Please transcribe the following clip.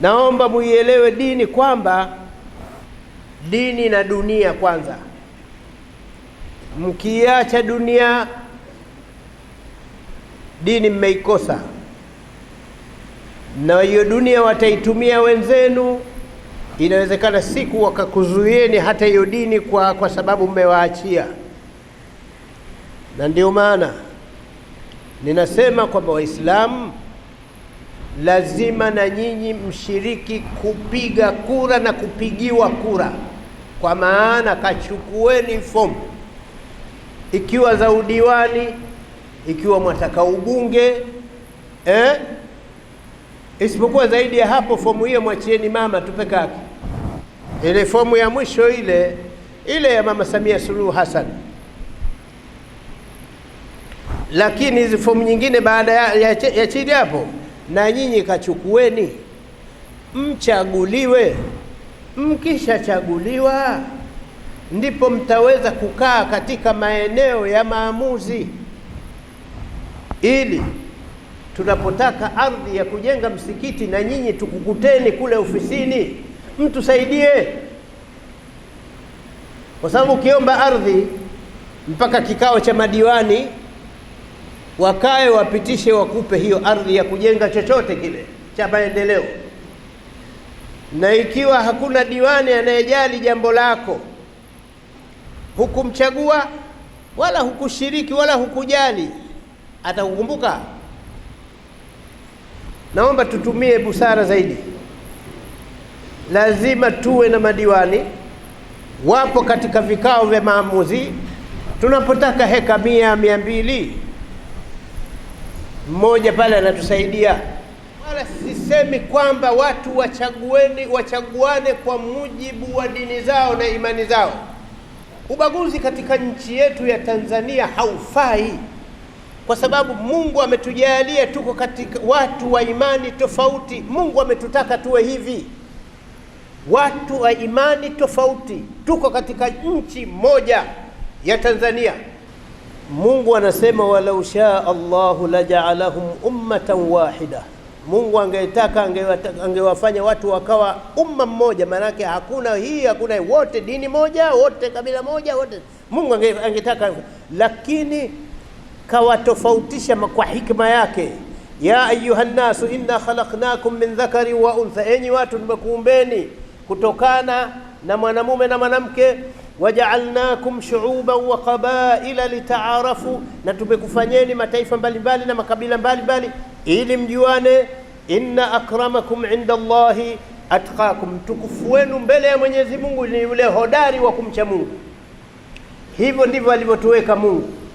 Naomba muielewe dini kwamba dini na dunia kwanza. Mkiacha dunia, dini mmeikosa, na hiyo dunia wataitumia wenzenu. Inawezekana siku wakakuzuieni hata hiyo dini kwa, kwa sababu mmewaachia, na ndio maana ninasema kwamba Waislamu lazima na nyinyi mshiriki kupiga kura na kupigiwa kura, kwa maana kachukueni fomu, ikiwa za udiwani, ikiwa mwataka ubunge eh? Isipokuwa zaidi ya hapo, fomu hiyo mwachieni mama tu peke yake. Ile fomu ya mwisho ile ile ya mama Samia Suluhu Hassan, lakini hizi fomu nyingine baada ya, ya, ya chini hapo na nyinyi kachukueni, mchaguliwe. Mkishachaguliwa ndipo mtaweza kukaa katika maeneo ya maamuzi, ili tunapotaka ardhi ya kujenga msikiti na nyinyi tukukuteni kule ofisini, mtusaidie, kwa sababu ukiomba ardhi mpaka kikao cha madiwani wakae wapitishe, wakupe hiyo ardhi ya kujenga chochote kile cha maendeleo. Na ikiwa hakuna diwani anayejali jambo lako, hukumchagua wala hukushiriki wala hukujali, atakukumbuka. Naomba tutumie busara zaidi. Lazima tuwe na madiwani, wapo katika vikao vya maamuzi tunapotaka heka mia mia mbili mmoja pale anatusaidia. Wala sisemi kwamba watu wachagueni, wachaguane kwa mujibu wa dini zao na imani zao. Ubaguzi katika nchi yetu ya Tanzania haufai, kwa sababu Mungu ametujalia tuko katika watu wa imani tofauti. Mungu ametutaka tuwe hivi, watu wa imani tofauti, tuko katika nchi moja ya Tanzania. Mungu anasema walau shaa Allahu laja'alahum ummatan wahida, Mungu angetaka angewafanya watu wakawa umma mmoja. Maanake hakuna hii, hakuna wote dini moja, wote kabila moja, wote Mungu angetaka, lakini kawatofautisha kwa hikma yake. Ya ayuha nnasu inna khalaqnakum min dhakarin wa untha, enyi watu nimekuumbeni kutokana na mwanamume na mwanamke wajaalnakum shuuban wa qabaila litaarafu, na tumekufanyeni mataifa mbalimbali na makabila mbalimbali ili mjuane. Inna akramakum inda Allahi atqakum, mtukufu wenu mbele ya Mwenyezi Mungu ni yule hodari wa kumcha Mungu. Hivyo ndivyo alivyotuweka Mungu.